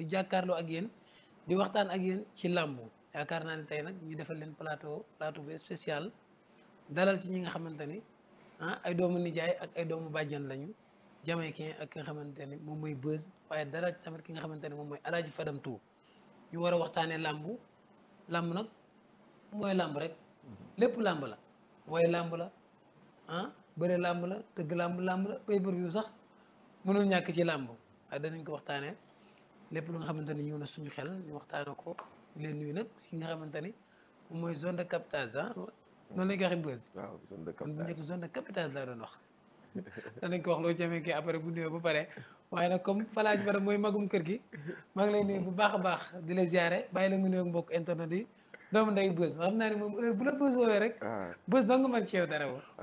di jàkkaarloo ak yéen di waxtaan ak yéen ci làmb yaakaar naa ne tey nag ñu defal leen plateau plateau bu spécial dalal ci ñi nga xamante ni ah ay doomu nijaay ak ay doomu bàjjan lañu jamaïcain ak ki nga xamante ni moom mooy Beuz waaye dalal ci tamit ki nga xamante ni moom mooy Alaaji Fadam Tou ñu war a waxtaanee làmb làmb nag mooy làmb rek lépp làmb la waaye làmb la ah bëre làmb la tëgg làmb làmb la pay view sax mënul ñàkk ci làmb waaye danañ ko waxtaanee lépp lu nga xamante ni ñëw na suñu xel ñu waxtaanee ko leen nuyu nag fi nga xamante ni mooy zone de captage ah noonu la ñu koy waxee waaw zone de captage bu njëkk zone ko wax loo jamee kii après bu nuyoo ba pare waaye nag comme Falaaj Bara mooy magum kër gi maa ngi lay nuyu bu baax a baax di la ziare bàyyi la nga nuyoog mbokk internet yi doomu nday bës xam naa ne moom heure bu la bës woowee rek. Ah. bës dong nga mën ci ah.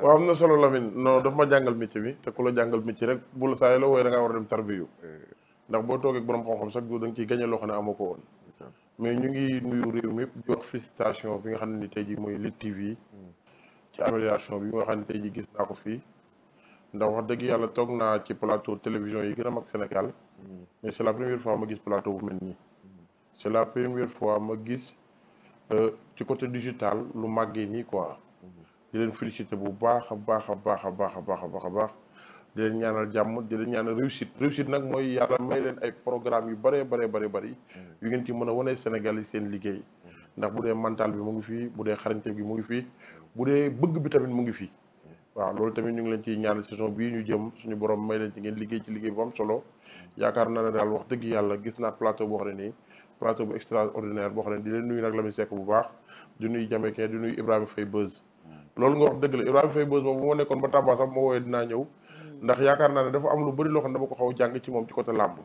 waaw am na solo Lamine non daf ma jàngal métier bi te ku la jàngal métier rek bul la saa la wooyee da ngaa war a dem tarbiyu eh. ndax boo toogee borom xam-xam chaque jour da nga ciy gañe loo xam ne amoo ko woon. mais ñu ngi nuyu réew mi di wax station bi nga xam ne ni tey jii mooy Lutte TV. Hmm. ci amélioration bi nga xam ne tey jii gis naa ko fii. ndax wax dëgg yàlla toog naa ci plateau télévision yi gën a mag Sénégal. Hmm. mais c'est la première fois ma gis plateau bu mel nii. Hmm. c'est la première fois ma gis euh, ci côté digital lu màggee nii quoi. di leen féliciter bu baax a baax a baax a baax a baax a baax. di leen ñaanal jàmm di leen ñaanal réussite réussite nag mooy yàlla may leen ay programme yu bare bëree bëri bëri mm. yu ngeen ci mën a wane Sénégal yi seen liggéey mm. ndax bu dee mental bi mu ngi fii bu dee xarañte bi mu ngi fii bu dee bëgg bi tamit mu ngi fii mm. waaw loolu tamit ñu ngi leen ciy ñaanal saison bii ñu jëm suñu borom may leen ci ngeen liggéey ci liggéey bu am solo yaakaar naa ne daal wax dëgg yàlla gis naa plateau boo xam ne nii plateau bu extraordinaire boo xam di leen nuyu nag la muy sekk bu baax di nuyu Jamaïcain di nuyu Ibrahima Faye loolu nga dëgg la Ibrahima Faye Beuz moom bu nekkoon ba moo dinaa ñëw ndax yaakaar naa ne dafa am lu bëri loo xam ne dama ko xaw jàng ci moom ci côté làmb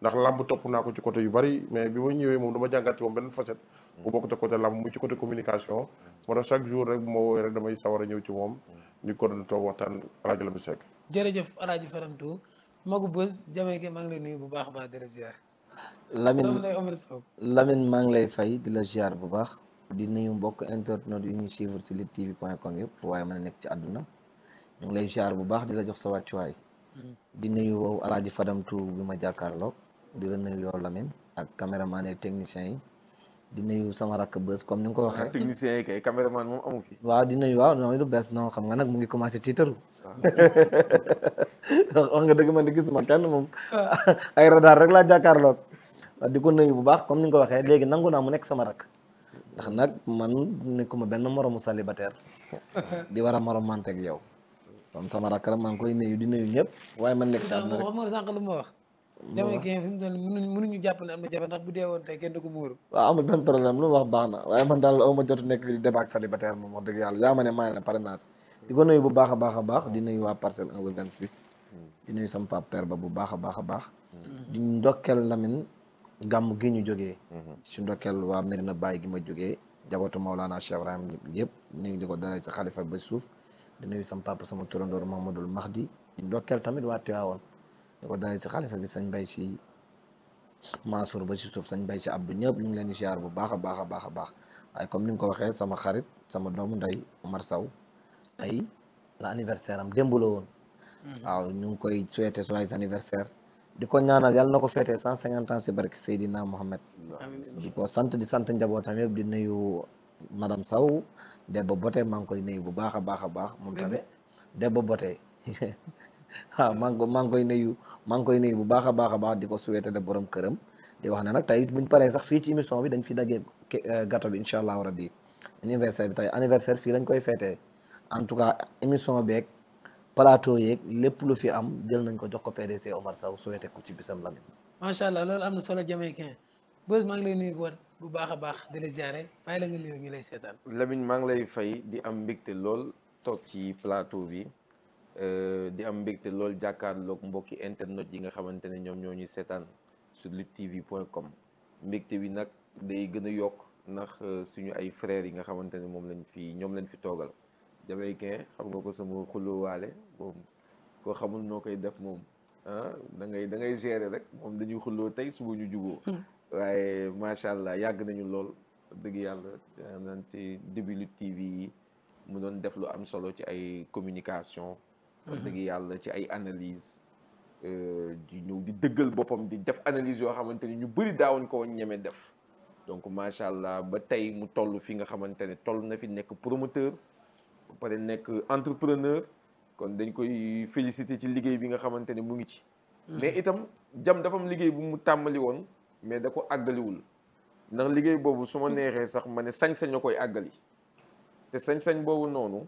ndax làmb topp naa ko ci côté yu bëri mais bi ma ñëwee moom dama jàngat ci moom benn facette bu bokk te côté làmb mu ci côté communication moo tax chaque jour rek bu ma woowee rek damay sawar a ñëw ci moom ñu ko doon toog waxtaan rajo la mu sekk jërëjëf alaaji Faramtu magu bës jameke maa ngi lay nuyu bu baax baax di la ziar Lamine Lamine maa ngi lay fay di la ziar bu baax di nuyu mbokk internet yu ñuy suivre ci lutte tv point com yëpp waaye mën a nekk ci àdduna ñu ngi lay ziar bu baax di la jox sa wàccuwaay mm-hmm. di nuyu wow alaaji Fadam Tuub bi ma jàkkaarloo di la nuyu yow lamin ak caméraman yi technicien yi di nuyu sama rakk bës comme ni nga ko waxee. Ah, technicien yi kay caméraman moom waaw di nuyu waaw lu bees non xam nga nag mu ngi commencé tiitaru. Ah. wax nga dëgg man di gisuma kenn moom. Ah. ay radar rek laa jàkkaarloog. di ko nuyu bu baax comme ni nga ko waxee léegi nangu naa mu nekk sama rakk. ndax nag man nekkuma benn moromu célibataire. di war a moromanteeg yow. comme sama rakk maa ngi koy nuyu di nuyu ñëpp waaye man nekk ci àdduna rek xam nga sànq lu ma wax jàpp ne am na jafe ndax bu dee woon tey kenn du ko muuru waaw amul benn problème lu mu wax baax na waaye man daal aw ma jotu nekk di débat ak célibataire moom wax dëgg yàlla yaa ma ne maa ne parrainage di ko nuyu bu baax a baax a baax di nuyu waa parcelle 1 ba di nuyu sama pap père bu baax a baax a baax hmm. di ndokkeel Lamine gàmm gi ñu jógee hmm. ci ndokkeel waa Medina Baye gi ma jógee jabatu Maolana Cheikh Ibrahim yëpp ñu ngi di ko dalay sa xalifa ba suuf di nuyu sama papa sama turandoor Mamadou Mahdi di ndokkeel tamit waa Tiwaawoon ñu ko dalee si xalifa bi sañ bay si Mansour ba si suuf sañ bay si Abdou ñëpp ñu leen di ziar bu baax a baax a baax a baax waaye comme ni nga ko waxee sama xarit sama doomu nday Omar Sow tey la anniversaire am démb la woon. Hmm. waaw ñu ngi koy souhaité joyeux anniversaire. di ko ñaanal yàlla na ko feetee cent cinquante ans si barke Seydina Mohamed. ko sant di sant njabootam yëpp di nuyu. madame Sow Demba Bote maa koy nuyu bu baax a baax a baax. moom tamit Demba Bote. waaw ah, maa ngi ko maa nuyu maa koy nuyu bu baax a baax a baax di ko souhaité de borom këram di wax ne nag tey buñ paree sax fii ci émission bi dañ fi daggee euh, gâteau bi incha allahu rabi anniversaire bi tey anniversaire fii dañ koy féetee en tout cas émission beeg plateau yeeg lépp lu fi am jël nañ ko jox ko PDC Omar Sow souhaité ko ci bisam Lamine. bu baax a baax di la ziare bàyyi la nga nuyoo ñu lay seetaan. Lamine maa ngi lay fay di am mbégte lool toog ci plateau bi euh, di am mbégte lool jàkkaarloog mbokki internet yi nga xamante ne ñoom ñoo ñu seetaan sur luttetv.com mbégte bi nag day gën a yokk ndax euh, suñu ay frères yi nga xamante ne moom lañ fi ñoom lañ fi toogal. Jamaïcain xam nga ko sama xulluwaale moom ko xamul noo koy def moom ah da ngay da ngay rek moom dañuy xulloo tey suba ñu juboo hmm. waaye macha allah yàgg nañu lool dëgg yàlla nañ ci début Lutte TV yi mu doon def lu am solo ci ay communication mhm. dëgg yàlla ci ay analyse euh, di ñëw di dëggal boppam di def analyse yoo xamante ni ñu bëri daawuñ ko ñeme def donc macha allah ba tey mu toll fi nga xamante ne toll na fi nekk promoteur ba pare nekk entrepreneur kon dañ koy féliciter ci liggéey bi nga xamante ne mu ngi ci mhm. mais itam jam dafa liggéey bu mu tàmbali woon mais da ko àggaliwul ndax liggéey boobu su ma neexee sax ma ne sañ-sañ a koy àggali te sañ-sañ boobu noonu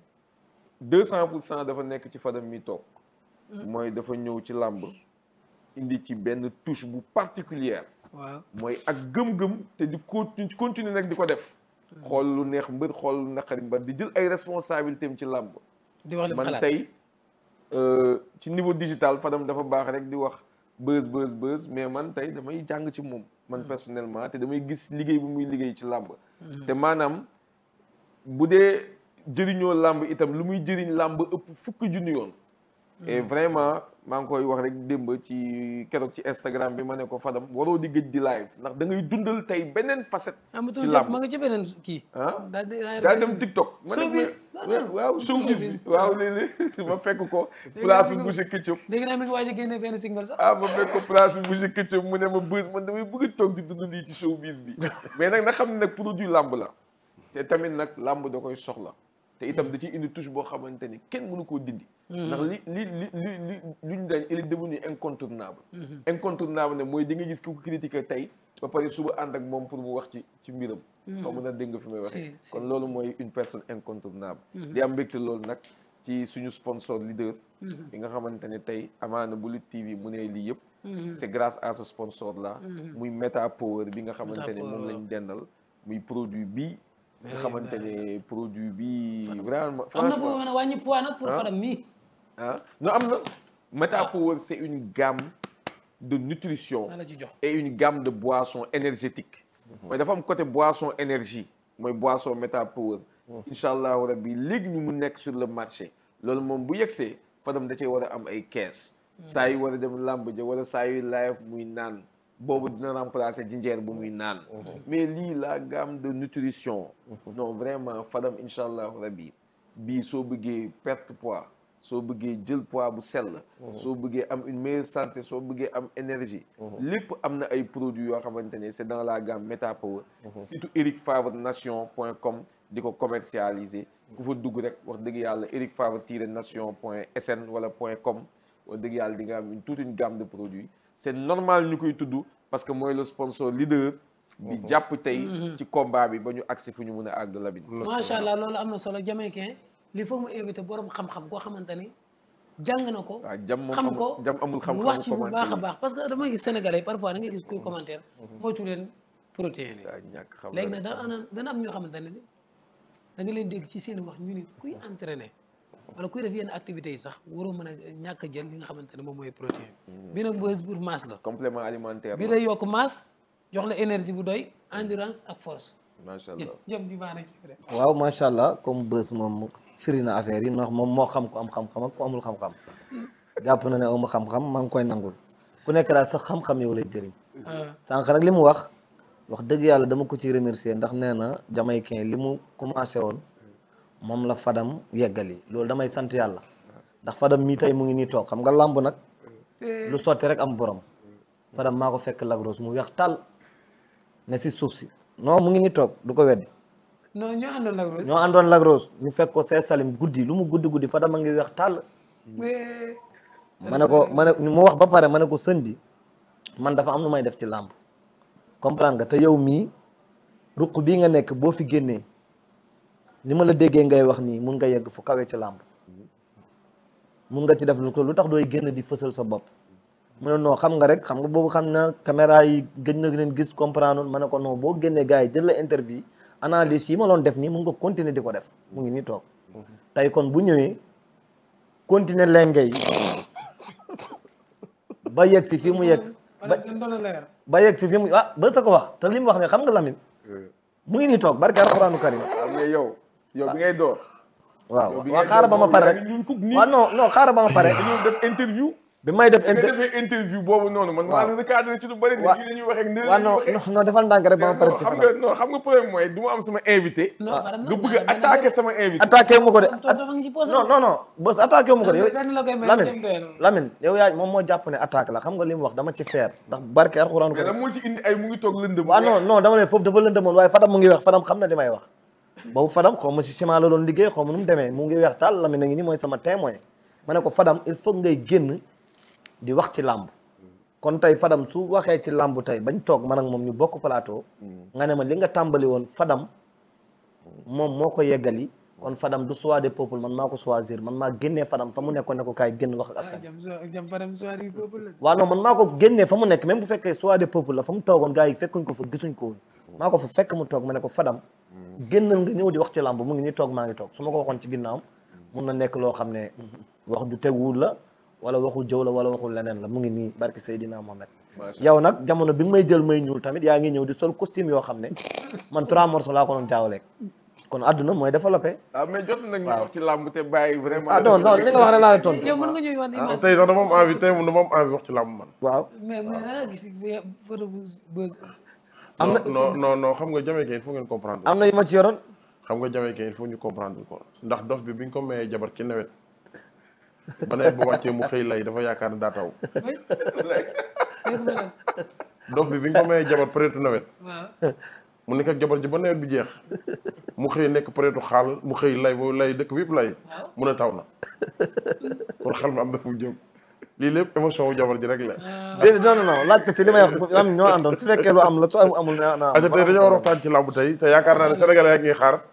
deux cent pour cent dafa nekk ci Fadam mi toog mm. mooy dafa ñëw ci làmb indi ci benn touche bu particulière waaw mooy ak gëm-gëm te di continue continuer nag di ko def mm. xool lu neex mbër xool lu naqari mbër di jël ay responsabilité ci làmb di wax man tey euh, ci niveau digital Fadam dafa baax rek di wax bës bës bës mais man tey damay jàng ci moom man hmm. personnellement te damay gis liggéey bu muy liggéey ci làmb hmm. te maanaam bu dee jëriñoo làmb itam lu muy jëriñ làmb ëpp fukk junni yoon hmm. et vraiment maa ngi koy wax rek démb ci keroog ci Instagram bi ma ne ko Fadam waroo di gëj di live ndax da ngay dundal tey beneen facette. ci làmb ma nga ci beneen kii. ah daa dem TikTok. ma ne waaw showbiz bi waaw léeg-léeg ma fekk ko place Boucher Ketchup dégg naa mi ngi waaj a génne benn single sax ah ma fekk ko place Boucher Ketchup mu ne ma bës man damay bëgg a toog di lii ci showbiz bi mais nag na xam ne nag produit làmb la te tamit nag làmb doo koy soxla te itam da ciy indi touche boo xamante ni kenn mënu koo dindi hmm. ndax li li li li li Diagne il est devenu incontournable mhm. incontournable ne mooy di nga gis ku ko tey ba pare suba ànd ak moom pour mu wax ci ci mbiram mhm. xaw mën a dégg nga fi may waxee kon loolu mooy une personne incontournable mhm. di am mbégte loolu nag ci suñu sponsor leader bi nga xamante ne tey amaana bu Lutte TV mu ne lii yëpp c'est grâce à ce sponsor là muy Meta bi nga xamante ne moom lañ dendal muy produit bi nga xamante ne produit bi vraiment franchement am na bu wàññi poids nag pour am na MetaPower ah. c'est une gamme de nutrition et une gamme de boissons énergétiques mooy mhm. dafa am côté boisson énergie mooy boisson MetaPower mhm. incha allahu rabbi léegi ñu mu nekk sur le marché loolu moom bu yegsee Fadam da cee war a am ay kees mhm. saa yu war dem làmb ja wala saa muy naan boobu dina remplacer jinjeer bu muy naan mais lii la gamme de nutrition non vraiment Fadam incha allahu rabbi bii soo bëggee perte poids soo bëggee jël poids bu sell. Mhm. soo bëggee am une meilleure santé soo bëggee am énergie. Mhm. lépp am na ay produits yoo xamante ne c'est dans la gamme Meta Power. Mhm. surtout Eric Nation point com di ko commercialiser. ku fa dugg rek wax dëgg yàlla Eric Favre tiret Nation point sn wala point com wax dëgg yàlla di nga am une toute une gamme de produits c'est normal ñu koy tudd parce que mooy le sponsor leader. bi jàpp tey. ci combat bi ba ñu agsi fu ñu mën a àgg Lamine. macha allah loolu am na solo Jamaïcain li foog mu invité borom xam-xam koo xamante ni jàng na ko. xam ko jam amul xam-xam wax ci baax a baax parce que damay gis sénégalais parfois da ngay gis kuy mm-hmm. commentaire. Mm-hmm. moytu leen protéine. waaw ñàkk xam léegi nag dana am ñoo xamante ne da nga leen dégg ci seen wax ñu ni kuy mm-hmm. entraîner. wala kuy def yenn activités yi sax waroo mën a ñàkk a jël nga xamante ne moom mooy protéine. bi nag bës pour masse la. complément bi nga yokk masse jox la énergie bu doy endurance ak force. macha allah ñoom di baax na waaw macha allah comme bés moom firi na affaire yi ndax moom moo xam ko am xam ko amul xam-xam jàpp na ne amul xam-xam maa ngi koy nangul ku nekk daal sax xam-xam yow lay jëriñ. Ah. sànq rek li mu wax wax dëgg yàlla dama ko ci remercier ndax nee na jamaïcain li mu commencé woon moom la Fadam yeggali loolu damay sant yàlla ndax Fadam mii tey mu ngi nii toog xam nga làmb nag eh. lu sotti rek am borom Fadam maa ko fekk Lac mu weex tàll ne si suuf si. non mu ngi ni toog du ko weddi. non ñoo àndoon Lac ñoo àndoon Lac ñu fekk ko see Salim guddi lu mu guddi guddi fa dama ngi weex tàll. ma ne ko ma ne mu wax ba pare ma ne ko sën bi man dafa am lu may def ci làmb comprendre nga te yow mii ruq bii nga nekk boo fi génnee ni ma la déggee ngay wax nii mun nga yegg fu kawee ci làmb mun nga ci def lu ko lu tax dooy génn di fësal sa bopp. mu ne non xam nga rek xam nga boobu xam na caméra yi gën na leen gis comprendre ma ko noo boo génnee gars yi jël la interview analyse yi ma doon def nii mu nga continuer di ko def mu ngi nii toog tey kon bu ñëwee continuer lenge yi ba yegg si fii mu yegg ba yegg si fii mu ah ba sa ko wax ta li mu wax ne xam nga Lamine mu ngi nii toog barke alxuraanu karim ah, mais yow yow bi waaw waaw ba ma pare rek waaw ba ma pare interview bi may def inter defee interview boobu noonu man maa recadré ci lu bëri ni defal ndànk rek ba ma pare ci xam nga non mooy du ma am sama invité nga bëgg a attaqué sama invité attaqué wu ma de non non yow yaay moom moo jàpp ne attaque la xam nga li mu wax dama ci feer ndax barke alxuraan ko moo ci indi ay mu ngi toog lëndëm waaw non non dama ne foofu dafa lëndëmoon waaye Fadam mu ngi wax Fadam xam na li may wax boobu Fadam xaw ma si ciment la doon liggéey xaw ma demee mu ngi a ngi ni mooy sama témoin ma ne ko Fadam di wax ci làmb kon tey Fadam su waxee ci làmb tey bañ toog man ak moom ñu bokk plateau nga ne ma li nga tàmbali woon Fadam moom moo ko yeggali kon Fadam du choix des peuples man maa ko choisir man maa génnee Fadam fa mu nekkoon kaay génn wax ak askan ah, waaw non man maa ko fa mu nekk même bu fekkee choix des peuples la fa mu toogoon gars yi fekkuñ ko fa gisuñ ko woon maa ko fa fekk mu toog ma ne ko Fadam génnal nga ñëw di wax ci làmb mu ngi nii toog maa ngi toog su ma ko waxoon ci ginnaawam mun na nekk loo xam ne wax du teguwul la wala waxu jëw la wala waxul leneen la mu ngi nii barki Seydina Mohamed yow nag jamono bi nga may jël may ñuul tamit yaa ngi ñëw di sol costume yoo xam ne man trois morceaux laa ko doon jaawaleeg kon adduna mooy développé. ah mais nañ ñu wax ci làmb te bàyyi vraiment. ah non non li nga wax rek laa lay tontu. yow mën nga ñuy wan ah, image. tey sax dama am envie tey dama am envie wax ci nga gis photo bu xam nga jamee kay il faut ngeen comprendre. am na yu ma ci yoroon. xam nga jamee ko ndax dof bi bi biñ ko mayee jabar ci nawet bala bu wàccee mu xëy lay dafa yaakaar ne daa taw. dof bi bi nga ko mayee jabar peut nawet. mu nekk ak jabar ji ba nawet bi jeex mu xëy nekk peut-être xaal mu xëy lay boobu lay dëkk bi yëpp lay. mu ne taw na kon xel ma am na fu jëm. lii lépp émotion jabar ji rek la. déedéet non non laaj ko ci li may wax am ñoo àndoon su fekkee lu am la su amul. naa naa dañoo war a waxtaan ci làmb tey te yaakaar naa ne Sénégalais ak ngi xaar.